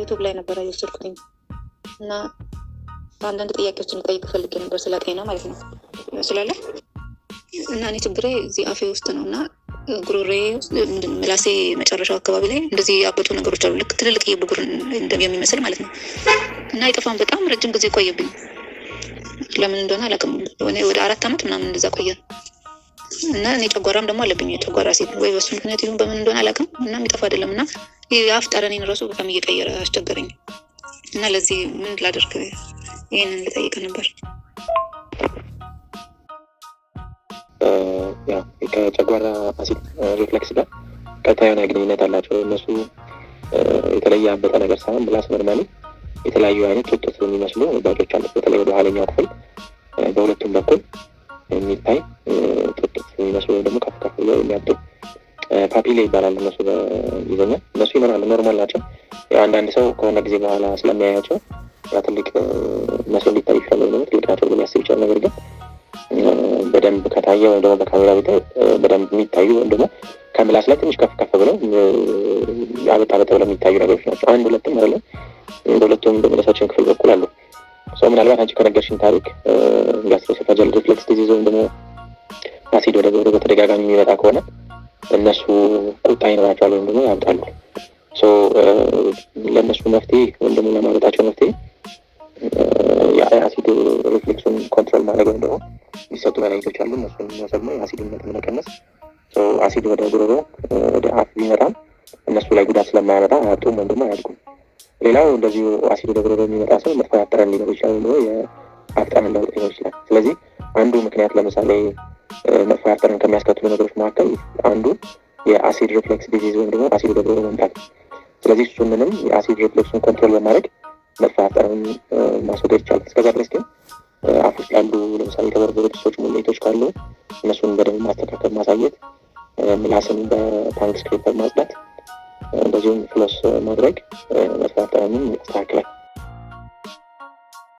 ዩቱብ ላይ ነበረ የወሰድኩትኝ እና በአንዳንድ ጥያቄዎችን ልጠይቅ ፈልጌ ነበር፣ ስለ ጤና ማለት ነው ስላለ እና እኔ ችግሬ እዚህ አፌ ውስጥ ነው እና ጉሮሬ ምላሴ መጨረሻው አካባቢ ላይ እንደዚህ ያበጡ ነገሮች አሉ። ልክ ትልልቅ የብጉር የሚመስል ማለት ነው እና አይጠፋም። በጣም ረጅም ጊዜ ቆየብኝ። ለምን እንደሆነ አላውቅም። ወደ አራት ዓመት ምናምን እንደዛ ቆየ እና እኔ ጨጓራም ደግሞ አለብኝ። የጨጓራ ሴት ወይ በሱ ምክንያት ይሁን በምን እንደሆነ አላውቅም እና የሚጠፋ አይደለም እና የአፍጠረ እኔን ራሱ በጣም እየቀየረ አስቸገረኝ እና ለዚህ ምን ላደርግ ይህንን ልጠይቅ ነበር። ከጨጓራ አሲድ ሪፍሌክስ ጋር ቀጥታ የሆነ ግንኙነት አላቸው። እነሱ የተለየ አበጠ ነገር ሳይሆን ብላስ መርማሪ የተለያዩ አይነት ውጥት የሚመስሉ ባጮች አሉ። በተለይ ወደ ኋለኛው ክፍል በሁለቱም በኩል የሚታይ ጥጥት የሚመስሉ ወይም ደግሞ ከፍ ከፍ ብሎ ፓፒላ ይባላል እነሱ በእንግሊዝኛ እነሱ ይመራሉ። ኖርማል ናቸው። አንዳንድ ሰው ከሆነ ጊዜ በኋላ ስለሚያያቸው ትልቅ መስሎ ሊታይ ይችላል፣ ወይም ትልቅ ናቸው ብሎ ሊያስብ ይችላል። ነገር ግን በደንብ ከታየ ወይም ደግሞ በካሜራ ቤት በደንብ የሚታዩ ወይም ደግሞ ከምላስ ላይ ትንሽ ከፍ ከፍ ብለው አበጣ አበጥ ብለው የሚታዩ ነገሮች ናቸው። አንድ ሁለትም አይደለም፣ በሁለቱም በምላሳችን ክፍል በኩል አሉ። ሰው ምናልባት አንቺ ከነገርሽን ታሪክ ጋስትሮሴፋጃል ሪፍሌክስ ዲዚዝ ወይም ደግሞ አሲድ ወደ በተደጋጋሚ የሚመጣ ከሆነ እነሱ ቁጣ ይኖራቸዋል ወይም ደግሞ ያምጣሉ። ለእነሱ መፍትሄ ወይም ደግሞ ለማመጣቸው መፍትሄ የአሲድ ሪፍሌክሱን ኮንትሮል ማድረግ ወይም ደግሞ የሚሰጡ መድኃኒቶች አሉ። እነሱን መውሰድ ነው፣ የአሲድን መጠን መቀነስ። አሲድ ወደ ጉሮሮ ወደ አፍ ቢመጣም እነሱ ላይ ጉዳት ስለማያመጣ አያጡም ወይም ደግሞ አያድጉም። ሌላው እንደዚሁ አሲድ ወደ ጉሮሮ የሚመጣ ሰው መጥፎ ያጠረን ሊኖር ይችላል፣ ወይም ደግሞ የአፍጠን የአፍጠረን ሊኖር ይችላል። ስለዚህ አንዱ ምክንያት ለምሳሌ መጥፎ ከሚያስከትሉ ነገሮች መካከል አንዱ የአሲድ ሪፍሌክስ ዲዚዝ ወይም ደግሞ አሲድ ወደ ጉሮሮ መምጣት። ስለዚህ ምንም የአሲድ ሪፍሌክሱን ኮንትሮል በማድረግ መጥፎ ያጠርን ማስወገድ ይቻላል። እስከዛ ድረስ ግን አፍ ውስጥ ያሉ ለምሳሌ የተበረበሩ ጥሶች፣ ሙሌቶች ካሉ እነሱን በደንብ ማስተካከል ማሳየት፣ ምላስን በፓንክ ስክሪፕ ማጽዳት፣ እንደዚሁም ፍሎስ ማድረግ መጥፎ ያስተካክላል።